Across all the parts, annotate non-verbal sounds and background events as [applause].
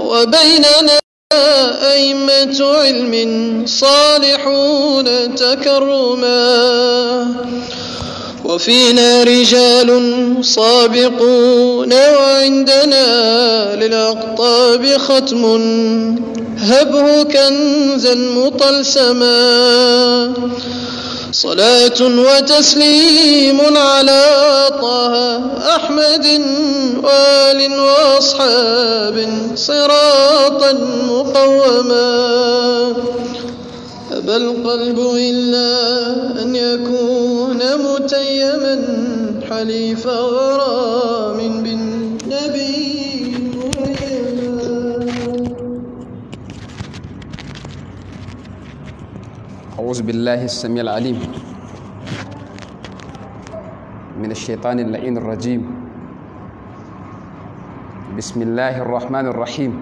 وبيننا أئمة علم صالحون تكرما وفينا رجال صابقون وعندنا للأقطاب ختم هبه كنزا مطلسما صلاة وتسليم على طه أحمد وآل وأصحاب صراطا مقوما أبى القلب إلا أن يكون متيما حليف غرام بالنار أعوذ بالله السميع العليم من الشيطان اللعين الرجيم بسم الله الرحمن الرحيم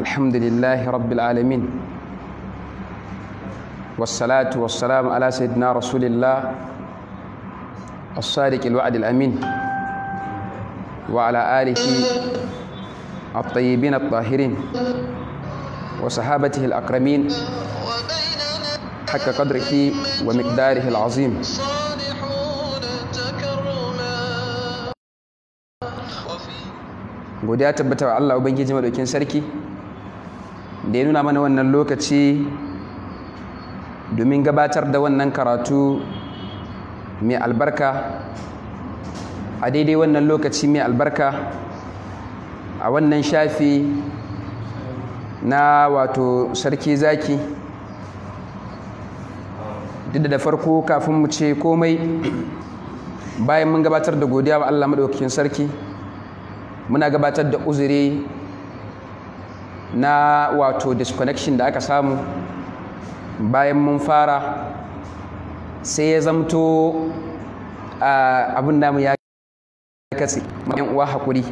الحمد لله رب العالمين والصلاة والسلام على سيدنا رسول الله الصادق الوعد الأمين وعلى آله الطيبين الطاهرين وصحابته الأكرمين حق قدره ومقداره العظيم godiya tabbata wa Allah ubangiji madaukin sarki da ya nuna mana wannan lokaci domin gabatar da wannan karatu mai albarka a daidai wannan lokaci mai albarka a wannan shafi na wato sarki zaki duk da farko kafin mu ce komai bayan mun gabatar da godiya wa Allah maɗaukakin sarki muna gabatar da uzuri na wato disconnection da aka samu bayan mun fara sai ya zamto abin namu ya katse yan uwa haƙuri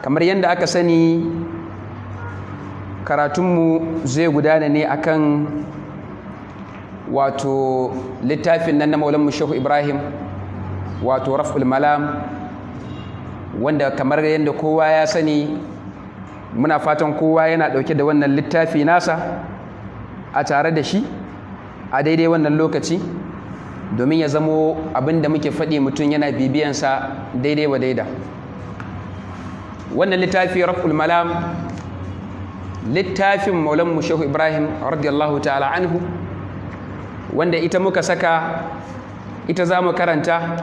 kamar yadda aka sani karatunmu zai gudana ne akan wato littafin nan na maulan shehu ibrahim wato raf'ul malam wanda kamar yadda kowa ya sani muna fatan kowa yana dauke da wannan littafi nasa a tare da shi a daidai wannan lokaci domin ya zamo abinda muke faɗi mutum yana bibiyansa daidai wa daida wannan littafi raf'ul malam littafin maulan shehu ibrahim radiyallahu ta'ala anhu wanda ita muka saka ita za mu karanta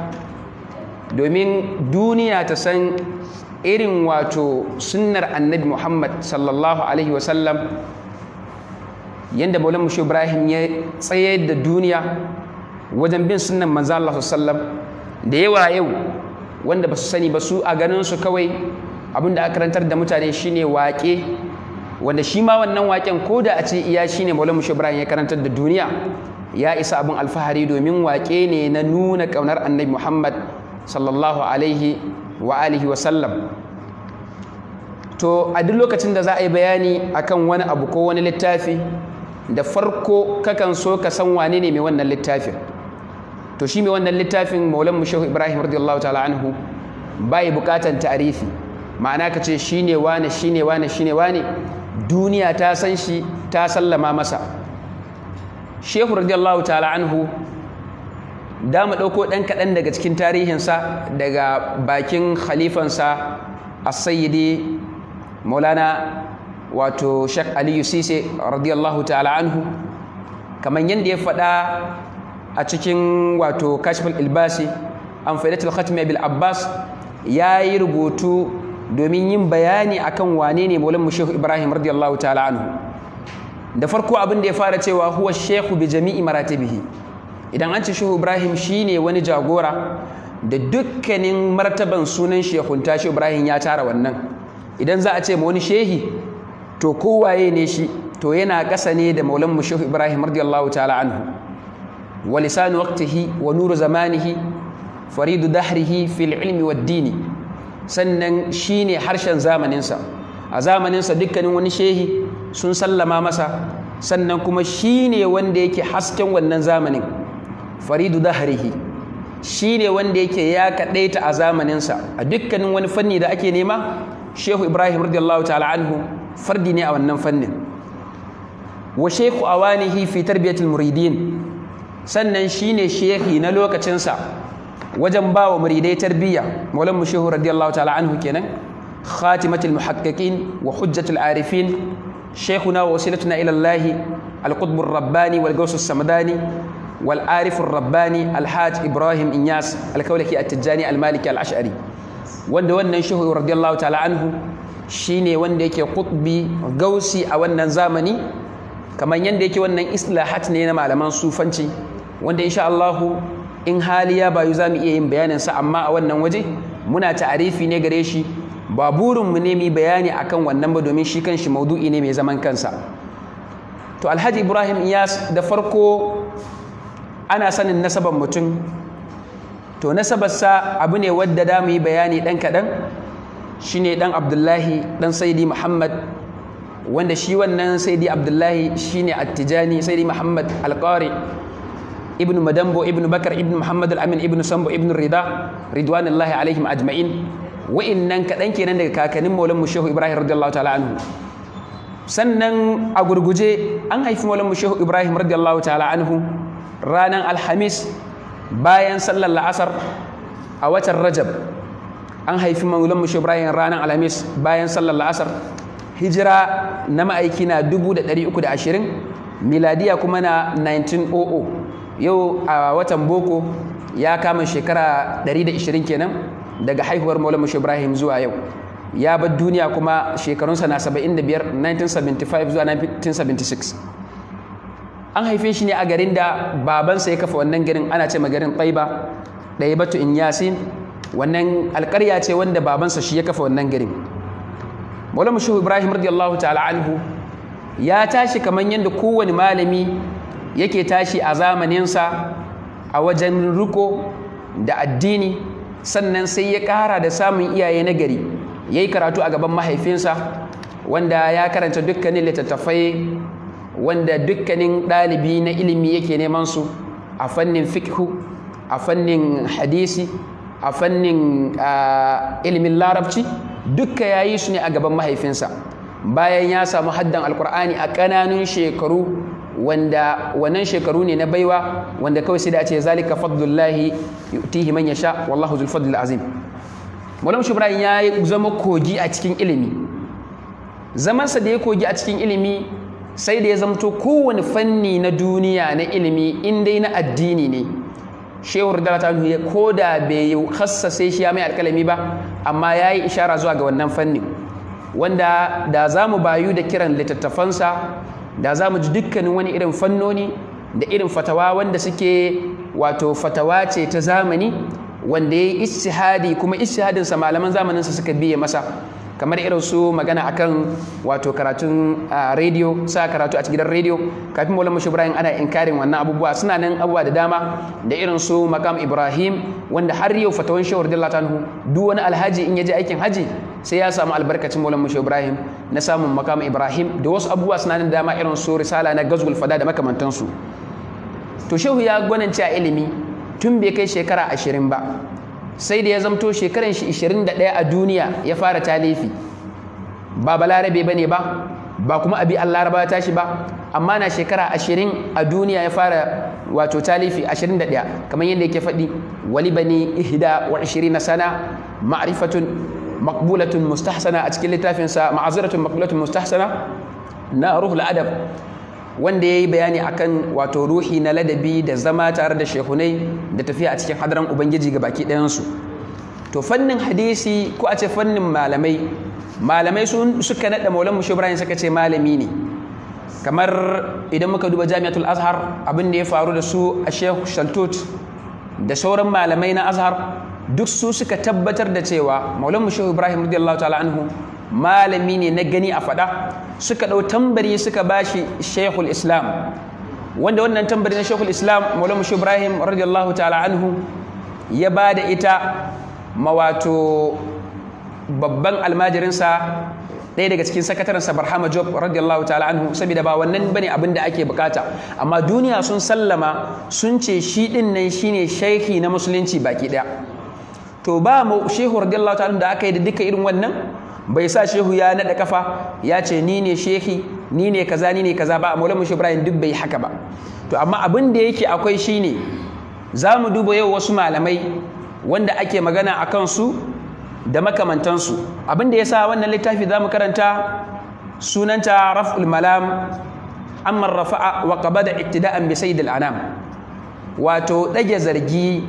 domin duniya ta san irin wato sunnar annabi muhammad sallallahu alaihi wasallam yadda maulan mushi ibrahim ya tsaye da duniya wajen bin sunan manzo Allah sallam da yawa yau wanda ba su sani ba su a ganinsu kawai abin da aka karantar da mutane shine wake. wanda shi ma wannan waken ko da a ce iya shine Maulana Mushe Ibrahim ya karantar da duniya ya isa abin alfahari domin waƙe ne na nuna ƙaunar annabi muhammad sallallahu alaihi wa alihi wa sallam to a duk lokacin da za a yi bayani akan wani abu ko wani littafi da farko kakan so ka san wane ne mai wannan littafin to shi mai wannan littafin maulan mushehu ibrahim radiyallahu ta'ala anhu bai bukatan ta'arifi ma'ana ka ce shi ne wane shi ne wane shi ne wane duniya ta san shi ta sallama masa shehu radiyallahu ta'ala anhu da mu ɗauko ɗan kaɗan daga cikin tarihinsa daga bakin khalifansa as-sayyidi maulana wato shek aliyu sise radiyallahu ta'ala anhu kamar yadda ya faɗa a cikin wato kashful ilbasi an faidatul khatmi bil abbas ya yi rubutu domin yin bayani akan wane ne maulan shehu ibrahim radiyallahu ta'ala anhu da farko abin da ya fara cewa huwa shehu bi jami'i maratibihi idan an ce shehu ibrahim shine wani jagora da dukkanin martaban sunan shehunta shehu ibrahim ya tara wannan idan za a ce ma wani shehi to kowaye ne shi to yana ƙasa ne da maulan mu shehu ibrahim radiyallahu ta'ala anhu wa lisan waqtihi wa nuru zamanihi faridu dahrihi fil ilmi wad dini sannan shine harshen zamaninsa a zamaninsa dukkanin wani shehi sun sallama masa sannan kuma shi ne wanda yake hasken wannan zamanin faridu daharihi shi ne wanda yake ya kaɗaita a zamaninsa a dukkanin wani fanni da ake nema shehu ibrahim radiyallahu ta'ala anhu fardi ne a wannan fannin wa shehu awanihi fi tarbiyatul muridin sannan shi ne shehi na lokacinsa wajen ba wa muridai tarbiyya maulan mu shehu radiyallahu ta'ala anhu kenan khatimatul muhaqqiqin wa hujjatul arifin شيخنا ووسيلتنا إلى الله القطب الرباني والقوس السمداني والعارف الرباني الحاج إبراهيم إنياس الكولكي التجاني المالكي alashari. wanda wannan shehu radiyallahu ta'ala shi shine wanda yake kutbi gausi a wannan zamani kamar yadda yake wannan islahat ne na malaman sufanci wanda insha Allah in hali ya bayu zamu iya yin bayanin sa amma a wannan waje muna ta'arifi ne gare shi ba burinmu ne mu bayani a kan wannan ba domin shi kanshi maudu'i ne mai zaman kansa to alhaji ibrahim iyas da farko ana sanin nasabar mutum to nasabarsa abu ne wadda da mu yi bayani ɗan kaɗan shi ne ɗan abdullahi ɗan saidi muhammad wanda shi wannan saidi abdullahi shi ne attijani saidi muhammad alƙari ibn madambo ibn bakar ibn muhammad al'amin ibn sambo ibn rida ridwanullahi alaihim ajma'in wa'innan kaɗan kenan daga kakannin maulan mu shehu ibrahim radiyallahu ta'ala anhu sannan a gurguje an haifi maulan mu shehu ibrahim radiyallahu ta'ala anhu ranar alhamis bayan sallar la'asar a watan rajab an haifi maulan mu shehu ibrahim ranar alhamis bayan sallar la'asar hijira na ma'aiki na 320 miladiya kuma na 1900 yau a watan boko ya kama shekara 120 kenan daga haihuwar Maulana Mushe Ibrahim zuwa yau ya bar duniya kuma shekarunsa na 75 1975 zuwa 1976 an haife shi ne a garin da babansa ya kafa wannan garin ana ce garin Taiba batu in Yasin wannan alƙarya ce wanda babansa shi ya kafa wannan garin Maulana Mushe Ibrahim radiyallahu ta'ala anhu ya tashi kamar yadda kowane malami yake tashi a zamaninsa a wajen riko da addini sannan sai ya ƙara da samun iyaye na gari ya yi karatu a gaban mahaifinsa wanda ya karanta dukkanin littattafai wanda dukkanin ɗalibi na ilimi yake neman su a fannin fikhu a fannin hadisi a fannin ilimin larabci dukka ya yi su ne a gaban mahaifinsa bayan ya samu haddan alkur'ani a ƙananun shekaru wanda wannan shekaru ne na baiwa wanda kawai sai da ce zalika fadlullahi yutihi man yasha wallahu zul fadl azim Malam Shubran ya zama kogi a cikin ilimi zamansa da ya kogi a cikin ilimi sai da ya zamto kowane fanni na duniya na ilimi in dai na addini ne shehur da ta ya da bai hassase shi ya mai alkalami ba amma ya yi ishara zuwa ga wannan fanni wanda da za mu bayu da kiran littattafansa da za mu ji dukkanin wani irin fannoni da irin fatawa wanda suke wato fatawa ce ta zamani wanda ya yi ishihadi kuma ishihadinsa malaman zamaninsa suka biye masa kamar irin su magana akan wato karatun radio sa karatu a cikin gidan rediyo kafin maulama ibrahim ana inkarin wannan abubuwa suna nan abubuwa da dama da irin su makam ibrahim wanda har yau fatawan shawar ta nuhu duk wani alhaji in ya je aikin haji sai ya samu albarkacin maulama ibrahim na samun makam ibrahim da wasu abubuwa suna nan dama irin su risala na gazul fada da makamantansu to shehu ya gwanin a ilimi tun bai kai shekara ashirin ba sai da ya zamto shekaran shi 21 a duniya ya fara talifi ba balarabe bane ba ba kuma abi Allah raba ta shi ba amma na shekara 20 a duniya ya fara wato talifi 21 kamar yadda yake faɗi wali bani ihda wa 20 sana ma'rifatun makbulatun mustahsana a cikin littafinsa ma'azuratun makbulatun mustahsana na ruhul adab wanda ya yi bayani akan wato ruhi na ladabi da zama tare da shehunai da tafiya a cikin hadaran ubangiji ga baki ɗayansu to fannin hadisi ko a ce fannin malamai malamai sun suka naɗa maulan mushi ibrahim suka ce malami ne kamar idan muka duba jami'atul azhar abin da ya faru da su a shehu shaltut da sauran malamai na azhar duk su suka tabbatar da cewa maulan shehu ibrahim radiyallahu ta'ala anhu malami ne na gani a faɗa suka ɗau tambari suka ba shi shekul islam wanda wannan tambari na shekul islam maulama shi ibrahim radiyallahu ta'ala anhu ya ba da ita wato babban almajirinsa ɗaya daga cikin sa barhama job radiyallahu ta'ala anhu saboda ba wannan bane abin da ake bukata amma duniya sun sallama sun ce shi ɗin nan shine shaikhi na musulunci baki ɗaya to ba mu shehu radiyallahu ta'ala da aka yi da duka irin wannan bai sa shehu ya naɗa kafa ya ce ni ne shehi ni ne kaza ni ne kaza ba maulana shi ibrahim duk bai haka ba to amma abin da yake akwai shine za mu duba yau wasu malamai wanda ake magana a kansu da makamantansu abin da ya sa wannan littafi za mu karanta sunanta raf'ul malam amma rafa'a wa qabada ittida'an bi al anam wato dage zargi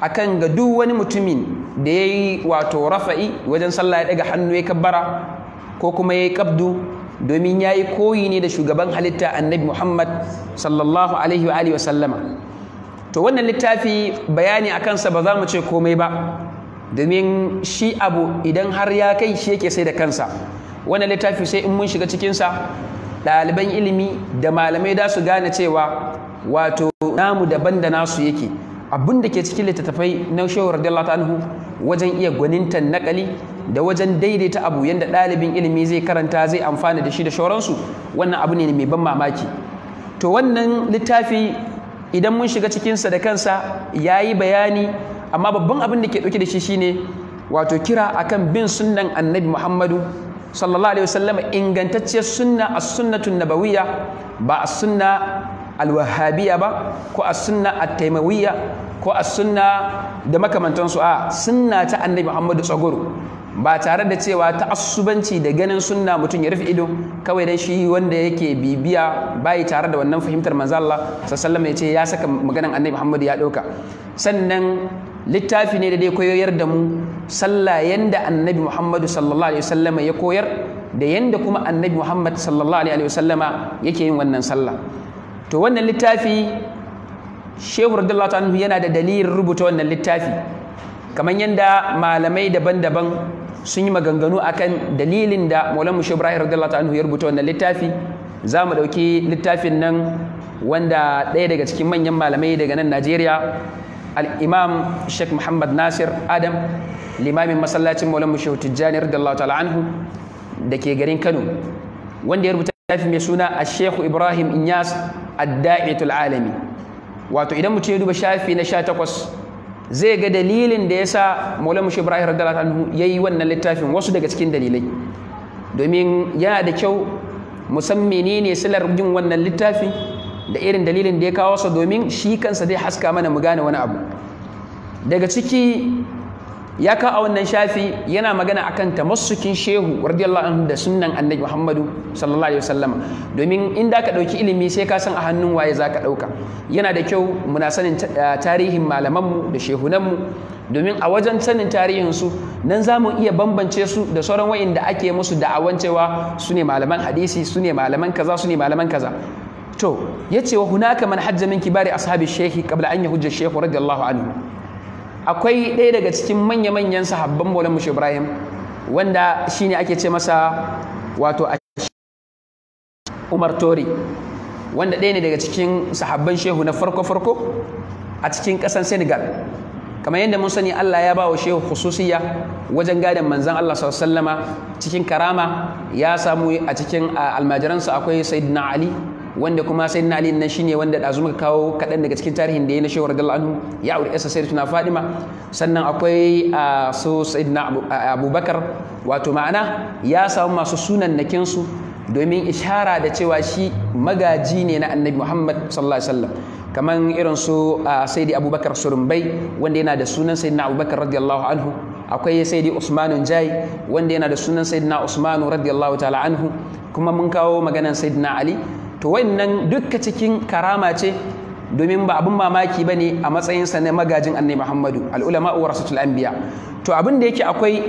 akan ga duk wani mutumin da ya yi wato rafa'i wajen sallah ya daga hannu ya kabbara ko kuma ya yi kabdu domin ya yi koyi ne da shugaban halitta annabi muhammad sallallahu alaihi wa alihi to wannan littafi bayani a kansa ba za mu ce komai ba domin shi abu idan har ya kai shi yake sai da kansa wannan littafi sai in mun shiga cikinsa ɗaliban ilimi da malamai da su gane cewa wato namu daban da nasu yake abin da ke cikin littattafai na shehu radiyallahu anhu wajen iya gwaninta nakali da wajen daidaita abu yadda ɗalibin ilimi zai karanta zai amfana da shi da shauransu wannan abu ne mai ban mamaki to wannan littafi idan mun shiga cikinsa da kansa ya yi bayani amma babban abin da ke ɗauke da shi shine wato kira akan bin sunnan annabi muhammadu sallallahu alaihi wasallam ingantacciyar sunna as sunnatun nabawiyya ba as sunna alwahabiya ba ko a sunna taimawiya ko a sunna da makamantansu a sunna ta annabi muhammadu tsagoro ba tare da cewa ta asubanci da ganin sunna mutum ya rufe ido kawai dan shi wanda yake bibiya bai tare da wannan fahimtar manzala Allah ya ce ya saka maganan annabi muhammadu ya dauka sannan littafi ne da dai koyoyar da mu sallah yanda annabi muhammadu sallallahu alaihi wasallam ya koyar da yanda kuma annabi muhammad sallallahu alaihi wasallama yake yin wannan sallah to wannan littafi shehu radiyallahu anhu yana da dalilin rubuta wannan littafi kamar yadda malamai daban-daban sun yi maganganu akan dalilin da mu shehu ibrahim radiyallahu anhu ya rubuta wannan littafi za mu ɗauki littafin nan wanda ɗaya daga cikin manyan malamai daga nan najeriya al'imam sheikh muhammad nasir adam limamin masallacin mu shehu tijjani radiyallahu ta'ala anhu da ke garin kano wanda ya rubuta littafi mai suna a shehu ibrahim inyas adda'itul alami wato idan mutum ya duba shafi na 18 zai ga dalilin da yasa Maulana Mushi Ibrahim radallahu anhu yayi wannan littafin wasu daga cikin dalilai domin yana da kyau san menene silar jin wannan littafi da irin dalilin da ya kawo sa domin shi kansa zai haska mana mu gane wani abu daga ciki ya kawo a wannan shafi yana magana akan tamassukin shehu radiyallahu anhu da sunnan annabi Muhammadu sallallahu alaihi wasallam domin in da ka dauki ilimi sai ka san a hannun waye zaka dauka yana da kyau muna sanin eh, tarihin malaman mu da shehunanmu mu domin a wajen sanin tarihin su nan zamu iya bambance su da sauran wayanda ake musu da'awan cewa su ne malaman hadisi su ne malaman kaza su ne malaman kaza to yace wa hunaka man hajja min kibari ashabi shehi kabla an yahujja shehu radiyallahu anhu akwai ɗaya daga cikin manya-manyan sahabban bolon mushi ibrahim wanda shine ake ce masa wato a umar tori wanda ɗaya ne daga cikin sahabban shehu na farko-farko a cikin ƙasar senegal kamar yadda mun sani Allah ya ba wa shehu khususiya wajen gadon manzan Allah sallama cikin karama ya samu a cikin almajiransa akwai sayyidina ali wanda kuma na ali nan shine wanda dazu muka kawo kadan daga cikin tarihin da ya na shehu da anhu ya aure sai tuna fadima sannan akwai su sayyidina abubakar wato ma'ana ya samu masu sunan nakin su domin ishara da cewa shi magaji ne na annabi muhammad sallallahu alaihi wasallam kamar irin su sayyidi abubakar surumbai wanda yana da sunan sayyidina abubakar radiyallahu anhu akwai sayyidi Usmanu jai wanda yana da sunan sayyidina usmanu radiyallahu ta'ala anhu kuma mun kawo maganan sayyidina ali to wannan dukka cikin karama ce domin ba abin mamaki ba ne a matsayinsa na magajin annai muhammadu al'ulama wa rasu tul'ambiya to abin da yake akwai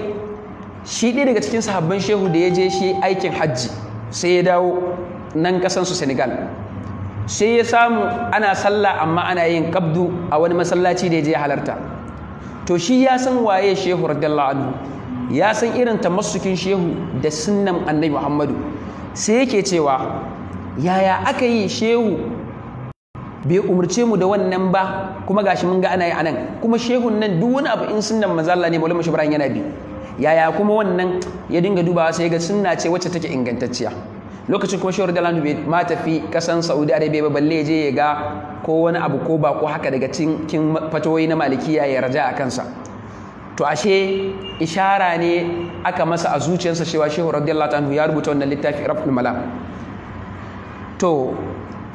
shi ɗaya daga cikin sahabban shehu da ya je shi aikin hajji sai ya dawo nan su senegal sai ya samu ana sallah amma ana yin kabdu a wani masallaci da ya je halarta to shi ya san waye shehu radiyallahu anhu ya san irin tamassukin shehu da sunnan annabi muhammadu sai yake cewa yaya aka yi shehu bai umarce mu da wannan ba kuma gashi mun ga ana yi anan kuma shehun nan duk wani abu in sunnan manzo Allah ne maulama shibran yana bi yaya kuma wannan ya dinga dubawa sai ga sunna ce wacce take ingantacciya lokacin kuma shehu da bai ma tafi kasan Saudi Arabia ba balle je ya ga ko wani abu ko ba ko haka daga cikin fatoyi na malikiya ya raja a kansa to ashe ishara ne aka masa a zuciyarsa cewa shehu radiyallahu anhu ya rubuta wannan littafi raful malam to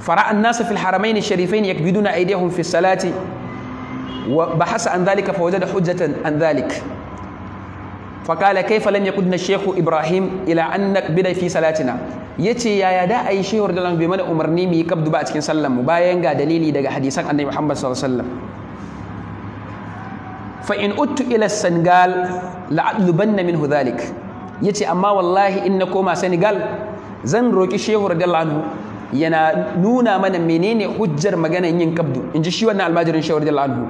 fara'a nasu fil haramain sharifain yakbiduna aydihum fi salati ba bahasa an dhalika da hujjatan an dhalik na كيف Ibrahim ila الشيخ ابراهيم الى ان نقبل salatina. Ya yace yaya da ai shehur da bai mana umarni mu yi kabdu ba a cikin sallar mu bayan ga dalili daga hadisan annabi Muhammad sallallahu alaihi wasallam fa in uttu ila senegal la adlubanna minhu dhalik yace amma wallahi in na koma senegal zan roki shehu da anhu yana nuna mana menene hujjar maganar yin kabdu in ji shi wannan almajirin shawar da anhu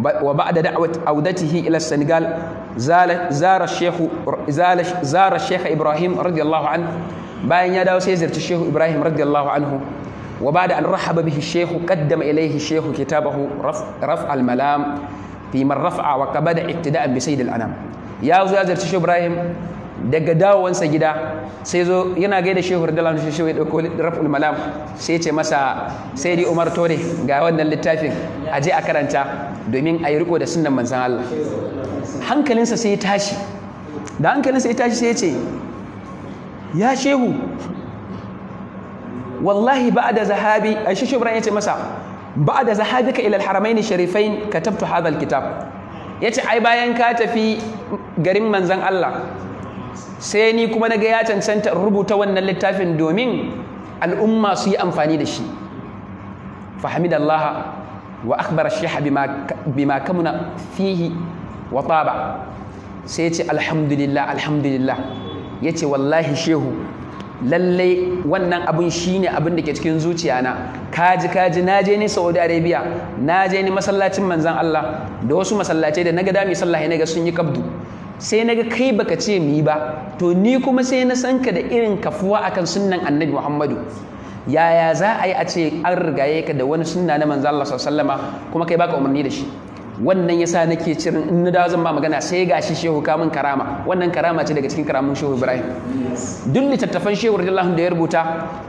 wa da da'wat audatihi ila senegal zara shehu zara shehu ibrahim radiyallahu anhu bayan ya dawo sai ziyarci shehu ibrahim radiyallahu anhu wa ba'da an rahaba bihi shehu qaddama ilayhi shehu kitabahu raf al malam fi man rafa'a wa qabada iktida'an bi sayyid al ya zo ya ziyarci shehu ibrahim daga dawowansa gida sai zo yana gaida shehu da anhu shehu da ko raful malam sai ce masa sai di Umar Tore ga wannan littafin a je a karanta domin a yi riko da sunan manzan Allah hankalinsa sai ya tashi da hankalinsa ya tashi sai ya ce ya shehu wallahi da zahabi a shehu Ibrahim ya ce masa zahabi ka ila al-haramain sharifain katabtu hadha al-kitab yace ai bayan ka tafi garin manzan Allah sai ni kuma na ga ya cancanta rubuta wannan littafin domin al'umma su yi amfani da shi Allah wa akbar shiha bima kamuna fihi wa taba sai ce alhamdulillah alhamdulillah ya ce wallahi shehu lallai wannan abun ne abin da ke cikin zuciya na kaji kaji na je ni saudi arabia na je ni masallacin manzan allah da wasu masallacai da na gada mai sallah na ga sun yi kabdu sai na ga kai baka ce mu yi ba to ni kuma sai na san ka da irin kafuwa akan sunnan annabi muhammadu yaya za a yi a ce an rigaye ka da wani sunna na manzo Allah sallama kuma kai baka umarni da shi wannan yasa nake cirin in na dawo zan ba magana sai gashi shehu kamun karama wannan karama ce daga cikin karamun shehu Ibrahim duk littattafan shehu radiyallahu da ya rubuta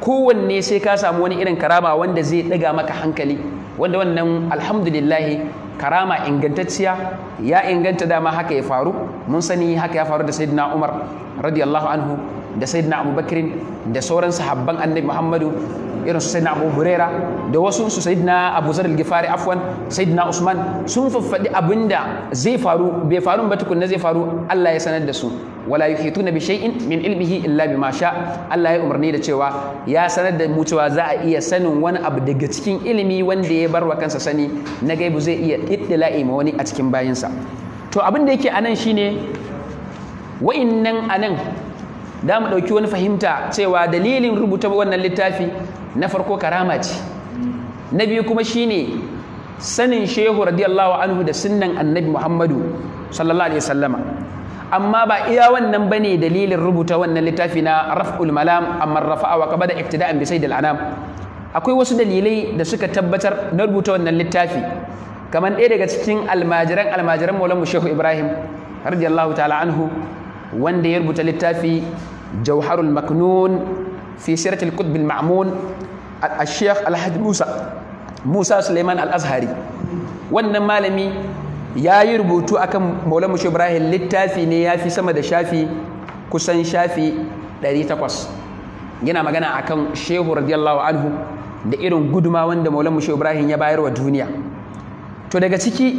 kowanne sai ka samu wani irin karama wanda zai daga maka hankali wanda wannan alhamdulillah karama ingantacciya ya inganta dama haka ya faru mun sani haka ya faru da sayyidina Umar radiyallahu anhu da sayyidina Abubakar da sauran sahabban Annabi Muhammadu irin su sayyidina Abu Huraira da wasu su sayyidina Abu Zar al afwan sayyidina Usman sun faffadi abinda zai faru bai faru ba tukunna zai faru Allah ya sanar da su wala yuhituna bi shay'in min ilmihi illa bima sha Allah ya umarni da cewa ya sanar da mu cewa za a iya sanin wani abu daga cikin ilimi wanda ya barwa kansa sani na gaibu zai iya iddila'i ma wani a cikin bayansa. to abin da yake anan shine wa'innan anan da mu ɗauki wani fahimta cewa dalilin rubuta wannan littafi na farko karama ce na biyu kuma shine sanin shehu radiyallahu anhu da sunnan annabi muhammadu sallallahu alaihi wasallama amma ba iya wannan ba ne dalilin rubuta wannan littafi na raf'ul malam amma rafa'a wa qabada iktida'an bi da anam akwai wasu dalilai da suka tabbatar na rubuta wannan littafi kamar ɗaya daga cikin almajiran almajiran maulanmu shehu ibrahim radiyallahu ta'ala anhu wanda ya rubuta littafi jauharul maknun fi siratul qutbil ma'mun al-shaykh Alhaji musa musa suleiman al-azhari wannan malami ya yi rubutu akan maula mushe ibrahim littafi ne ya fi sama da shafi kusan shafi 800 yana magana akan shehu radiyallahu anhu da irin guduma wanda maula mushe ibrahim ya bayar wa duniya to daga ciki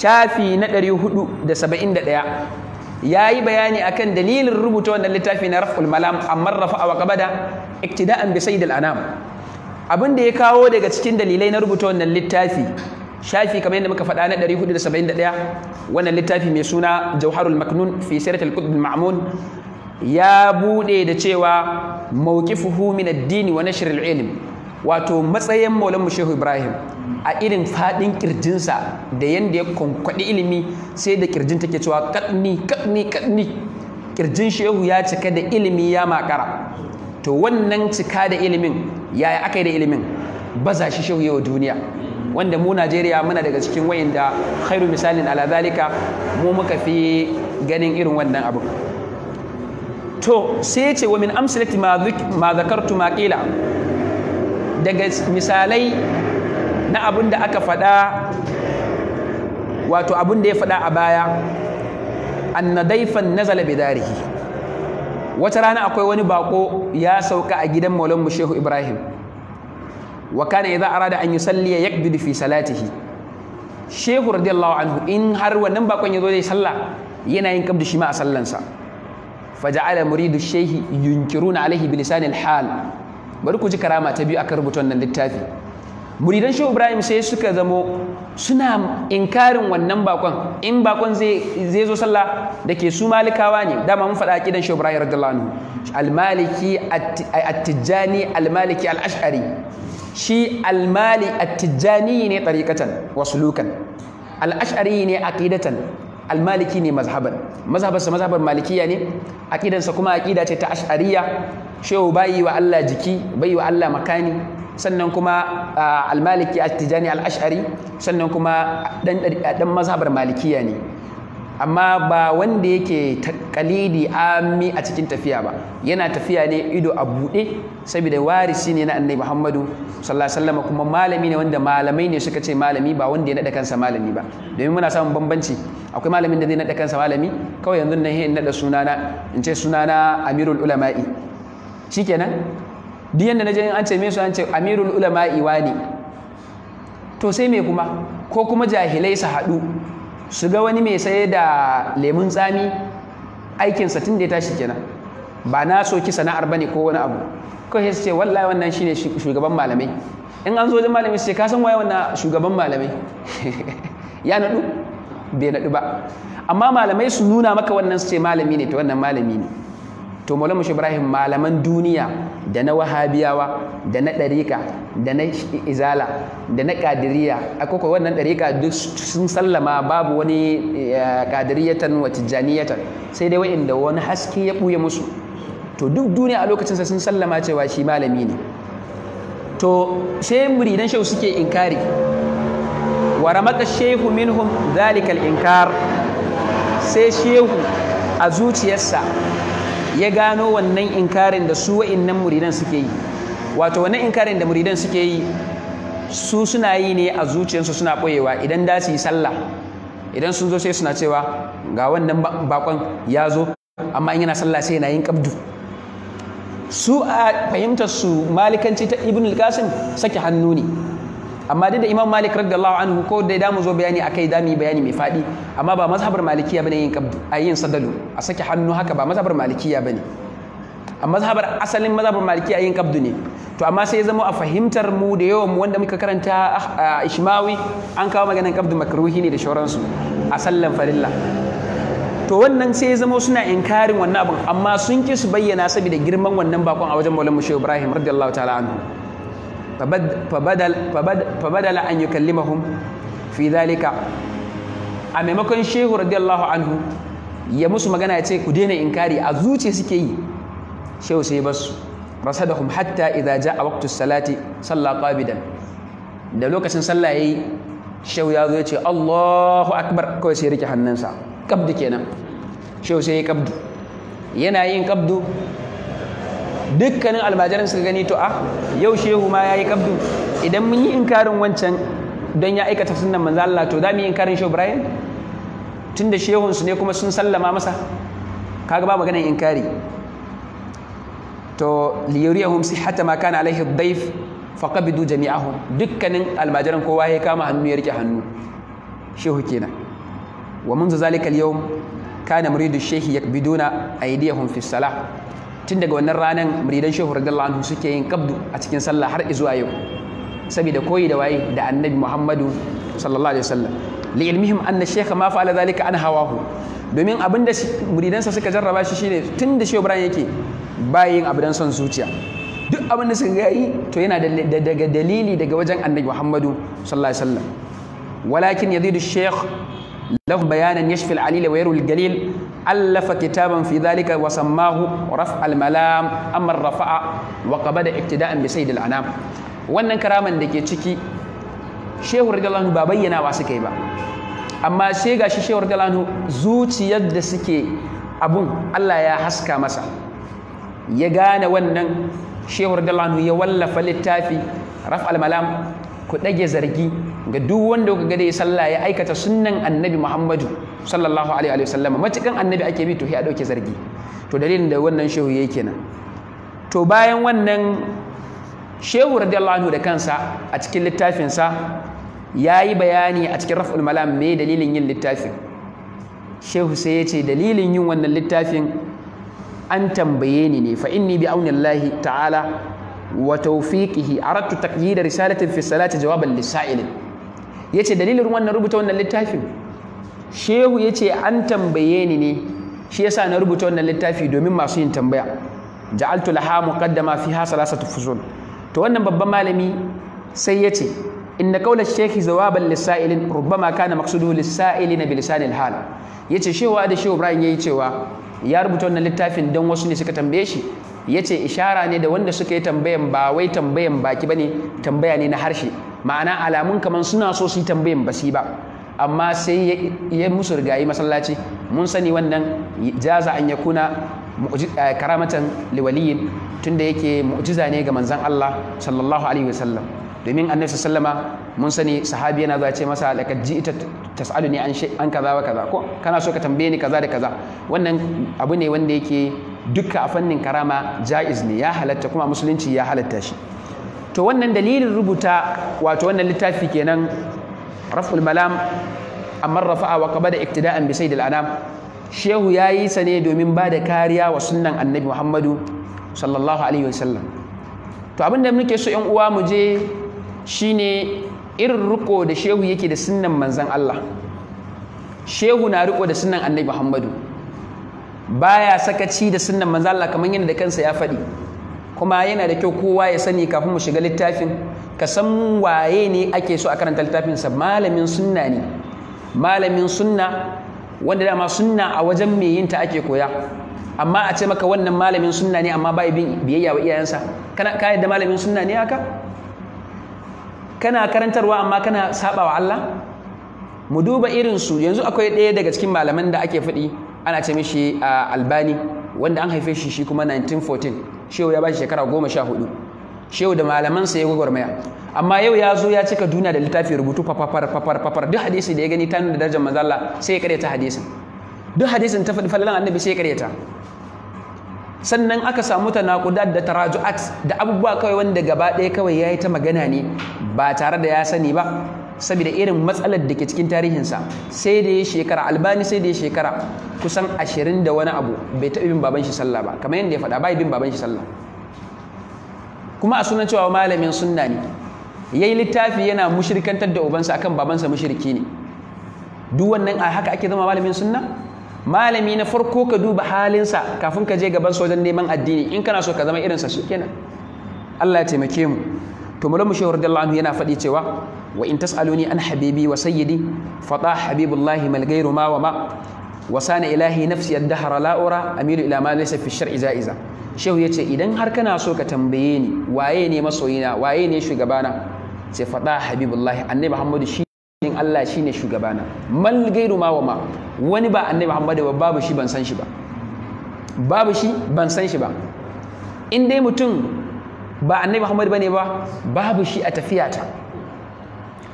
shafi na 471 ya yi bayani akan dalilin rubuta wannan littafi na raf'ul malam amma rafa'a wa qabada iktida'an bi sayyidil anam abin da ya kawo daga cikin dalilai na rubuta wannan littafi shafi kamar yadda muka faɗa na 471 wannan littafi mai suna jauharul maknun fi siratul qutb ma'mun ya bude da cewa mawqifuhu min ad-din wa nashr al-ilm wato matsayin maulan mu shehu ibrahim a irin fadin kirjinsa da yanda ya konkwadi ilimi sai da kirjin take cewa kadni kadni kadni kirjin shehu ya cika da ilimi ya makara to wannan cika da ilimin yaya aka yi da ilimin baza shi shehu yau duniya wanda mu Najeriya muna daga cikin wayanda khairu misalin ala zalika mu muka fi ganin irin wannan abu to sai ya ce wa min amsalati ma zakartu ma qila daga misalai na abun da aka faɗa wato abun da ya faɗa a baya annadaifan nazala bidarihi wata rana akwai wani bako ya sauka a gidan maulan Shehu Ibrahim wa kana idza arada an yusalli yakbidu fi salatihi shehu radiyallahu anhu in har wannan bakon yazo zai sallah yana yin kabdi shi ma a sallansa faja'ala muridu shehi yunkiruna alaihi bilisanil hal bari ku ji karama ta biyu kan rubuta nan littafi muridan shehu ibrahim sai suka zamo suna inkarin wannan bakon in bakon zai zo sallah da ke su malikawa ne dama mun faɗa kidan shehu ibrahim radiyallahu anhu almaliki at-tijani almaliki al-ash'ari shi almali attijani ne tariqatan wasu lukan al'ashari ne aqidatan almaliki ne mazhaban mazhabarsa mazhabar malikiya ne aqidansa kuma aqida ce ta ash'ariya shehu bayi wa Allah jiki bayi wa Allah makani sannan kuma almaliki attijani al'ashari sannan kuma dan mazhabar malikiya ne amma ba wanda yake kalidi ami a cikin tafiya ba yana tafiya ne ido a buɗe saboda warisi ne na annabi muhammadu sallallahu kuma malami ne wanda malamai ne suka ce malami ba wanda ya naɗa kansa malami ba domin muna samun bambanci akwai malamin da zai naɗa kansa malami kawai yanzu na hin naɗa sunana in ce sunana amirul ulama'i shikenan duk yanda na je an ce me su an ce amirul ulama'i wani to sai me kuma ko kuma jahilai su haɗu su ga wani mai saye da lemun tsami aikinsa tun da ya tashi kenan ba na soki sana'ar bane ko wani abu Ko sai ce wallahi wannan shine shugaban malamai in an zo wajen malami su ce ka san waye wannan shugaban malamai [laughs] ya naɗu bai naɗu ba amma malamai su nuna maka wannan su ce malami ne to wannan malami ne to maulana shi ibrahim malaman duniya da na wahabiyawa da na ɗarika da na izala da na ƙadiriya akwai wannan ɗarika sun sallama babu wani eh, ƙadiriyatan wata janiyatan. sai dai wa'inda wani haske ya ɓuya musu to duk duniya a lokacinsa sun sallama cewa shi malami ne to sai muridan shau suke inkari wa ramata shehu minhum zalikal inkar sai shehu a zuciyarsa ya gano wannan inkarin da su wa'innan muridan suke yi wato wannan inkarin da muridan suke yi su suna yi ne a zuciyarsu suna ɓoyewa idan da su yi sallah idan sun zo sai suna cewa ga wannan bakon ya zo amma in yana sallah sai yana yin kabdu su a fahimtar su malikanci ta ibn al-qasim sake hannu ne amma duk da imam malik radiyallahu anhu ko da da mu zo bayani akai da mu bayani mai fadi amma ba mazhabar malikiya bane yin kabdu a yin sadalu a saki hannu haka ba mazhabar malikiya bane a mazhabar asalin mazhabar malikiya yin kabdu ne to amma sai zama a fahimtar mu da yawan mu wanda muka karanta ah, ishmawi an kawo maganan kabdu makruhi ne da shauransu a sallan farilla to wannan sai ya zama suna inkarin wannan abin amma sun ki su bayyana saboda girman wannan bakon a wajen maulan shehu ibrahim radiyallahu ta'ala anhu fabadala an yi kallimahum fi zalika a maimakon shehu radiyallahu anhu ya musu magana ya ce ku daina inkari a zuce suke yi shehu sai basu rasadahum hatta idza jaa waqtu salati salla qabidan da lokacin sallah yayi shehu ya zo ya ce Allahu akbar kawai sai rike hannunsa kabdu kenan shehu sai kabdu yana yin kabdu dukkanin almajiran suka gani to a ah, yau shehu ma yi kabdu idan mun yi inkarin wancan don ya aikata sunnan manzo Allah to za mu yi inkarin shehu Ibrahim tunda shehun su ne kuma sun sallama masa kaga ba maganar inkari to liyuriyahum sihhata ma kana alaihi dhayf faqabidu jami'ahum dukkanin almajiran kowa ya kama hannu ya rike hannu shehu kenan wa منذ ذلك اليوم كان مريد الشيخ يكبدون أيديهم في الصلاة tun daga wannan ranar muridan shehu radiyallahu anhu suke yin kabdu a cikin sallah har zuwa yau saboda koyi da waye da annabi muhammadu sallallahu alaihi wasallam li ilmihim anna shaykha ma fa'ala dhalika an hawahu domin abinda da muridansa suka jarraba shi shine tun da shehu ibrahim yake bayin abu dan son zuciya duk abin da suka yi to yana daga dalili daga wajen annabi muhammadu sallallahu alaihi wasallam walakin yazidu shaykh lahu bayanan yashfi al-alil wa galil allafa kitaban fi dhalika wa sammahu raf al malam amma rafa'a wa qabada ibtida'an bi sayyid anam wannan karaman da ke ciki shehu radiyallahu ba bayyana ba suka yi ba amma sai gashi shehu radiyallahu zuciyar da suke abun Allah ya haska masa ya gane wannan shehu radiyallahu ya wallafa littafi raf malam ku dage zargi ga duk wanda kuka ga da ya sallah ya aikata sunnan annabi muhammadu sallallahu alaihi wa sallam matukan annabi ake bi to ya dauke zargi to dalilin da wannan shehu yake kenan to bayan wannan shehu radiyallahu anhu da kansa a cikin littafin sa yayi bayani a cikin raf'ul malam me dalilin yin littafin shehu sai ya ce dalilin yin wannan littafin an tambaye ni ne fa inni bi aunillahi ta'ala wa tawfiqihi aradtu taqyida risalatin fi salati jawaban lisailin ya ce dalilin wannan rubuta wannan littafin shehu ya ce an tambaye ni ne shi yasa na rubuta wannan littafi domin masu yin tambaya ja'altu laha muqaddama fiha salasatu fusul to wannan babban malami sai ya ce inna qawla shaykhi zawaban lisailin rubbama kana maqsuduhu lisailina bi lisanil hal yace shewa da shehu Ibrahim yayi cewa ya rubuta wannan littafin dan wasu ne suka tambaye shi yace ishara ne da wanda suka yi tambayan ba wai tambayan baki bane tambaya ne na harshe ma'ana alamun kamar suna so su yi tambayan ba ba amma sai ya musu rigayi masallaci mun sani wannan jaza an yakuna eh, karamatan liwaliyin tunda yake mu'jiza ne ga manzan Allah sallallahu alaihi wasallam domin annabi sallama mun sani sahabi yana zuwa masa laqad ji'ta tas'aluni an shay an kaza wa kaza ko kana so ka tambaye ni kaza da kaza wannan abu ne wanda yake duka a fannin karama jaiz ne ya halatta kuma musulunci ya halatta shi to wannan dalilin rubuta wato wannan littafi kenan raf'ul malam amma rafa'a wa qabada iktida'an bi da anam shehu yayi sa ne domin ba da kariya wa sunnan annabi Muhammadu sallallahu alaihi wasallam to abin da muke so yan uwa mu je shine irin riko da shehu yake da sunnan manzon Allah shehu na riko da sunnan annabi Muhammadu baya sakaci da sunnan manzon Allah kamar yadda kansa ya faɗi kuma yana da kyau kowa ya sani kafin mu shiga littafin ka san waye ne ake so a karanta littafinsa malamin sunna ne malamin sunna wanda dama sunna a wajen mai yinta ake koya amma a ce maka wannan malamin sunna ne amma bai bin biyayya wa iyayensa kana ka yadda malamin sunna ne haka kana karantarwa amma kana saba wa Allah mu duba irin su yanzu akwai ɗaya daga cikin malaman da ake faɗi ana ce mishi a ah, albani wanda an haife shi shi kuma 1914 shehu ya bashi shekara goma sha hudu shehu da malamansa ya gwagwarmaya amma yau ya zo ya cika duniya da littafi rubutu fafafar duk hadisi da ya gani ta nuna darajar manzo Allah sai ya karyata hadisin duk hadisin ta faɗi annabi sai ya karyata sannan aka samu ta naƙuda da taraju'at da abubuwa kawai wanda gaba ɗaya kawai ya yi ta magana ne ba tare da ya sani ba saboda irin matsalar da ke cikin tarihinsa sai da ya shekara albani sai da ya shekara kusan ashirin da wani abu bai taɓa bin baban shi sallah ba kamar yadda ya faɗa bai bin baban shi sallah kuma a sunan cewa malamin sunna ne yayi littafi yana mushrikantar da ubansa akan babansa mushriki ne duk wannan a haka ake zama malamin sunna malami na farko ka duba halinsa kafin ka je gaban sojan neman addini in kana so ka zama irinsa kenan. Allah ya taimake mu to malamu shehu radiyallahu anhu yana faɗi cewa wa in tas'aluni an habibi wa sayyidi fada habibullahi mal gairu ma wa ma wa sana ilahi nafsi ad-dahr la ura amilu ila ma laysa fi shar'i za'iza shehu yace idan har kana so ka tambaye ni waye ne masoyina waye ne shugabana sai fada habibullahi annabi muhammadu shi in Allah shi ne shugabana mal gairu ma wa ma wani ba annabi muhammadu ba babu shi ban san shi ba babu shi ban san shi ba in dai mutum ba annabi muhammadu bane ba babu shi a tafiyata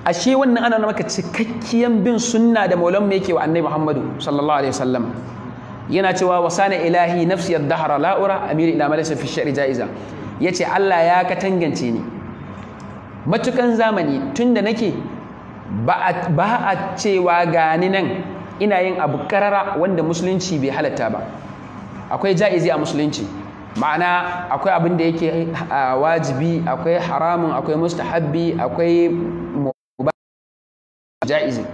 ashe wannan ana maka cikakkiyan bin sunna da maulan mu yake wa annabi Muhammadu sallallahu alaihi wasallam yana cewa wasana ilahi nafsi ad-dahra la'ura amir ila malaysa fi shari jaiza yace Allah ya katangance ni matukan zamani tunda nake ba a cewa gani nan ina yin abu karara wanda musulunci bai halatta ba akwai ja'izi a musulunci ma'ana akwai abin da yake wajibi akwai haramun akwai mustahabbi akwai ja'izi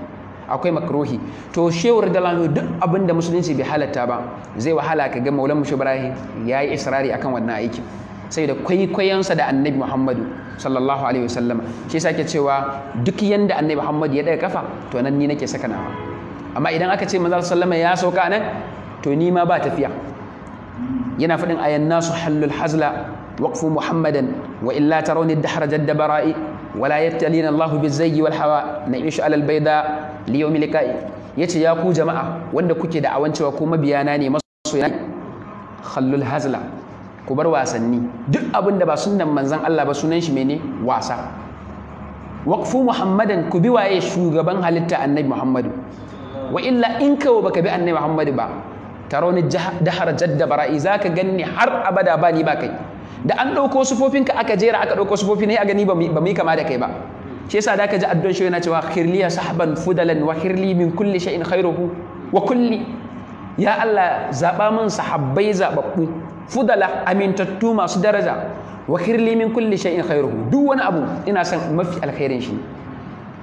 akwai makrohi to shewar radiyallahu duk abin da musulunci bai halatta ba zai wahala ka ga maulan mushi ibrahim yayi israri akan wannan aikin sai da kwaikwayonsa da annabi muhammadu sallallahu alaihi wasallama shi sake cewa duk yanda annabi muhammadu ya daga kafa to nan ni nake saka nawa amma idan aka ce manzo sallama ya sauka nan to ni ma ba tafiya yana faɗin ayan nasu hallul hazla waqfu muhammadan wa illa tarawni dahra jadda bara'i wala yaftalina Allahu zai wal hawa na yushu alal bayda li yawmi liqa'i yace ya ku jama'a wanda kuke da awan cewa ko mabiyana ne masoya khallul hazla ku bar wasanni duk abin da ba sunan manzan Allah ba sunan shi mene wasa waqfu muhammadan ku bi waye shugaban halitta annabi muhammadu wa illa in kawo baka bi annabi muhammadu ba tarawni dahar jadda bara'i zaka ganni har abada ba ni ba kai da an ɗauko sufofinka aka jera aka ɗauko sufofi ne a gani ba mu yi kama da kai ba shi yasa da ka ji addon shi yana cewa khirliya sahaban fudalan wa khirli min kulli shay'in khairuhu wa kulli ya Allah zaba min sahabbai zababbu fudala amintattu masu daraja wa khirli min kulli shay'in khairuhu duk wani abu ina son mafi alkhairin shi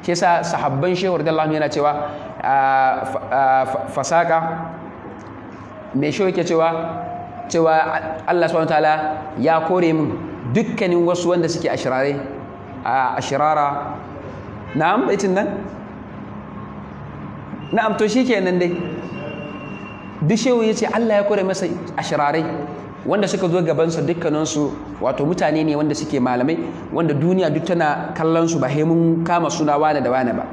shi yasa sahabban shehu radiyallahu anhu yana cewa ah, ah, fasaka mai shehu yake cewa cewa Allah subhanahu ya kore min dukkanin wasu wanda suke ashirare a na na'am itin nan na'am to shikenan dai duk shehu ya ce Allah ya kore masa shirare wanda suka zo gabansa dukkaninsu wato mutane ne wanda suke malamai wanda duniya duk tana kallon su ba he mun kama suna wane da wane ba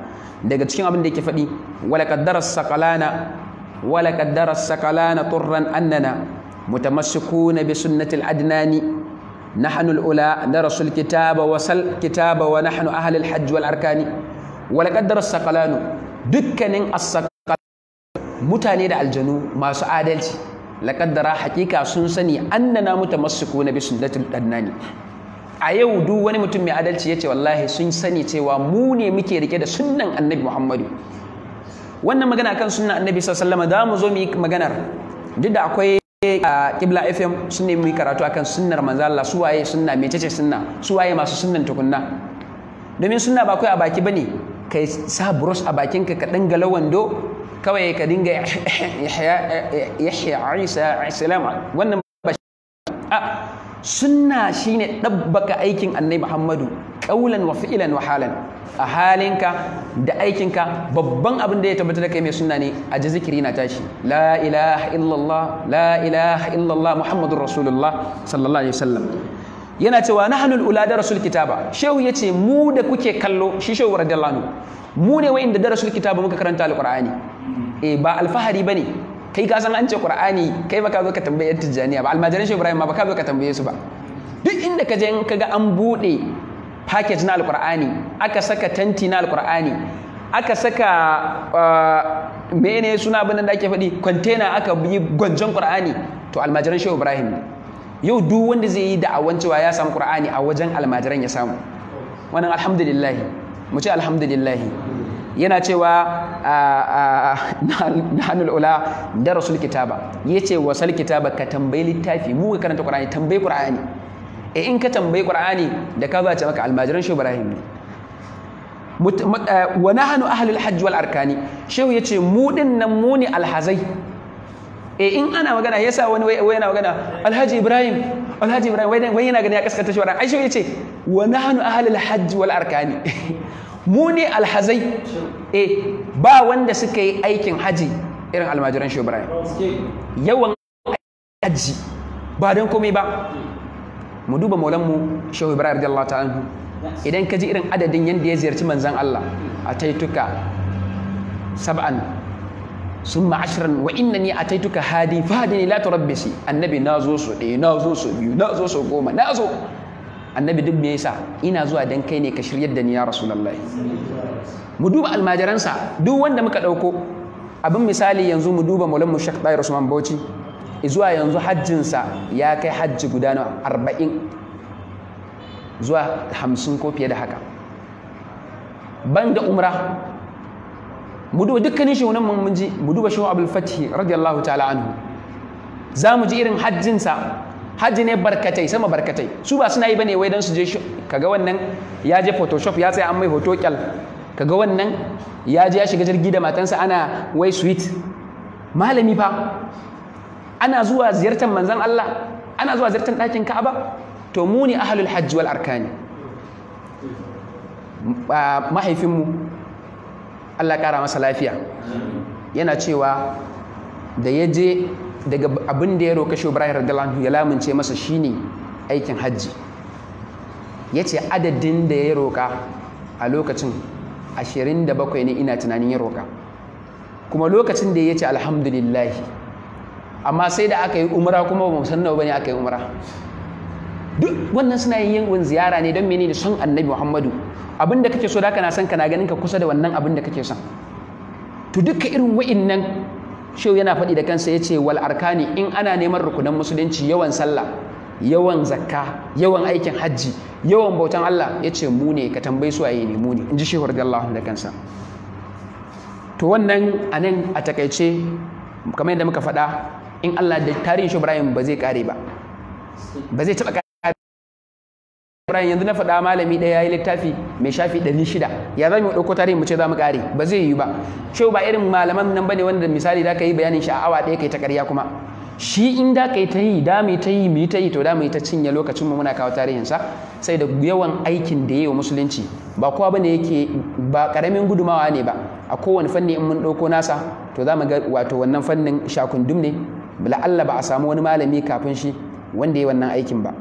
daga cikin abin da yake faɗi wala qaddara saqalana wala qaddara turran annana متمسكون بسنة العدناني نحن الأولى درس الكتاب وصل كتاب ونحن أهل الحج والأركان ولقد درس الثقلان دكان الثقلان متاني دا الجنو ما سعادلتي لقد درا حقيقة سنسني أننا متمسكون بسنة العدناني a yau duk wani mutum mai adalci ya ce wallahi sun sani cewa mu ne muke rike da sunnan annabi muhammadu wannan magana kan sunnan annabi sallallahu alaihi mu zo mu yi maganar akwai a kibla fm ne karatu akan sunnar manzo Allah waye sunna mecece sunna suwaye masu sunnan tukunna domin sunna ba kai a baki bane kai sa burus a bakin ka ka dangala wando kawai ka dinga [laughs] yahya isa wannan ba a ah, sunna shine dabbaka aikin annabi Muhammadu ƙaulan wa fi'lan wa halan a halinka da aikinka babban abin da ya tabbata da kai mai sunna ne a ji zikiri na tashi la ilaha illallah la ilaha illallah muhammadur rasulullah sallallahu alaihi wasallam yana cewa nahnu ula da rasul kitaba shehu yace mu da kuke kallo shi shehu radiyallahu mu ne wa'inda da rasul kitaba muka karanta alqur'ani eh ba alfahari bane kai ka san an ce qur'ani kai baka zo ka tambaye yan tijjaniya ba almajiran shi ibrahim ma baka zo ka tambaye su ba duk inda ka je ka ga an bude package na alqur'ani aka saka tanti na alqur'ani aka saka uh, mene suna abin da ake faɗi container aka yi gwanjon qur'ani to almajiran shi ibrahim yau duk wanda zai yi da'awan cewa ya samu qur'ani a wajen almajiran ya samu wannan alhamdulillah mu ce alhamdulillah yana cewa hannun ula da rasul kitaba yace wasal kitaba ka tambayi littafi mu ka karanta qur'ani tambayi ƙura'ani e eh, in ka tambayi ƙura'ani da ka zace maka almajiran shi ibrahim ne eh, wa hannun ahlul hajj wal arkani shehu ce mu din nan mu ne alhazai e in ana magana ya sa wani wai yana magana alhaji ibrahim alhaji ibrahim wai yana gani ya kaskanta shi wannan ai shehu yace wa nahanu ahlul hajj wal arkani [laughs] muni alhazai eh ba wanda suka yi aikin haji irin almajiran shi Ibrahim yawan haji ba don komai ba mu duba maulanmu shehu Ibrahim radiyallahu ta'ala idan ka ji irin adadin yadda ya ziyarci manzan Allah a taituka sab'an summa ashran wa innani ataituka hadi fahadini la turabbisi annabi nazo su dai ɗaya su biyu nazo su goma nazo. annabi duk me yasa ina zuwa dan kai ne ka shiryar da ni ya rasulullahi mu duba almajiransa duk wanda muka ɗauko. abin misali yanzu mu duba maulan mu shek ɗayar usman bauchi zuwa yanzu hajjinsa ya kai hajji guda na arba'in zuwa hamsin ko fiye da haka ban da umra mu duba dukkanin shi wannan mun ji mu duba shi abul fatih radiyallahu ta'ala anhu za mu ji irin hajjinsa hajji ne barkatai sama barkatai su ba suna yi bane wai don su je kaga wannan ya je photoshop ya tsaya an mai hoto kyal kaga wannan ya je ya shiga jirgi da matansa ana wai sweet malami fa ana zuwa ziyartar manzon Allah ana zuwa ziyartar ɗakin Ka'aba to mu ne ahlul hajji wal arkani ah, mahaifinmu Allah ƙara masa lafiya yana cewa da ya je daga abin da ya roƙa shi Ibrahim radiyallahu ya lamince masa shine aikin hajji Ya ce adadin da ya roƙa a lokacin 27 ne ina tunanin ya roƙa kuma lokacin da ya ce alhamdulillah amma sai da aka yi umra kuma ba san nawa ba ne aka yi umara duk wannan suna yin yin ziyara ne don da son annabi Muhammadu abin da kake so da kana son kana ganin ka kusa da wannan abin da kake son to duka irin wa'innan shehu yana faɗi da kansa ya ce wal arkani in ana neman rukunan musulunci yawan sallah yawan zakka yawan aikin hajji yawan bautan Allah ya ce mu ne ka tambayi su ayi ne mu ne ji shehu radiyallahu da kansa to wannan a nan a takaice kamar yadda muka faɗa in Allah da tarihin Ibrahim ba zai kare ba ba zai taɓa Ibrahim yanzu na faɗa malami ɗaya yayi littafi mai shafi ɗari shida ya za mu ɗauko tarihi mu ce za mu ƙare ba zai yiwu ba cewa ba irin malaman nan ne wanda misali da ka yi bayanin shi a awa ɗaya kai ta ƙarya kuma shi in da ka yi ta yi da mu ta yi mu ta yi to da mu ta cinye lokacin mu muna kawo tarihin sa sai da yawan aikin da yayi wa musulunci ba kowa bane yake ba karamin gudumawa ne ba a kowane fanni in mun ɗauko nasa to za mu ga wato wannan fannin shakundum ne Allah ba a samu wani malami kafin shi wanda ya wannan aikin ba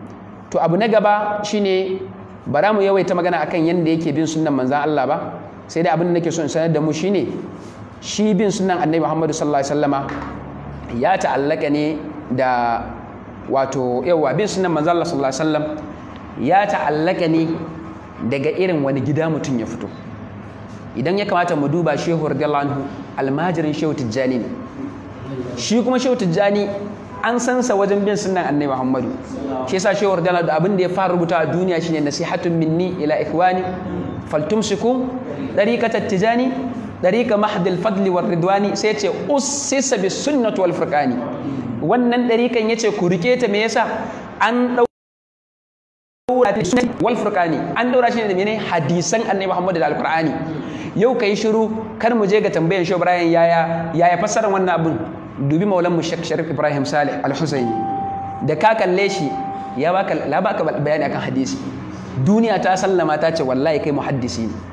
to abu na gaba shine bara mu yawaita magana akan yadda yake bin sunnan manzan Allah ba sai dai abin da nake so in sanar da mu shine shi bin sunnan annabi Muhammadu sallallahu alaihi wasallama ya ta'allaka ne da wato yawa bin sunan manzan Allah sallallahu alaihi wasallam ya ta'allaka ne daga irin wani gida mutum ya fito idan ya kamata mu duba shehu radiyallahu anhu almajirin shehu tijjani ne shi kuma shehu tijjani an san sa wajen bin sunan annabi Muhammadu shi yasa shi da abin da ya fara rubuta a duniya shine nasihatun minni ila ikhwani faltumsiku dariqata tijani dariqa mahdil fadli war ridwani sai ce ussisa bis sunnat wal furqani wannan dariqan yace ku rike ta me yasa an daura sunnat wal furqani an daura shi ne da menene hadisan annabi Muhammadu da alqur'ani yau kai shiru kar mu je ga tambayan shi Ibrahim yaya yaya fassarar wannan abun. dubi maulan mu Sheikh Sharif Ibrahim Salih Al-Husaini da ka kalle shi ya baka la bayani akan hadisi duniya ta sallama ta ce wallahi kai muhaddisi ne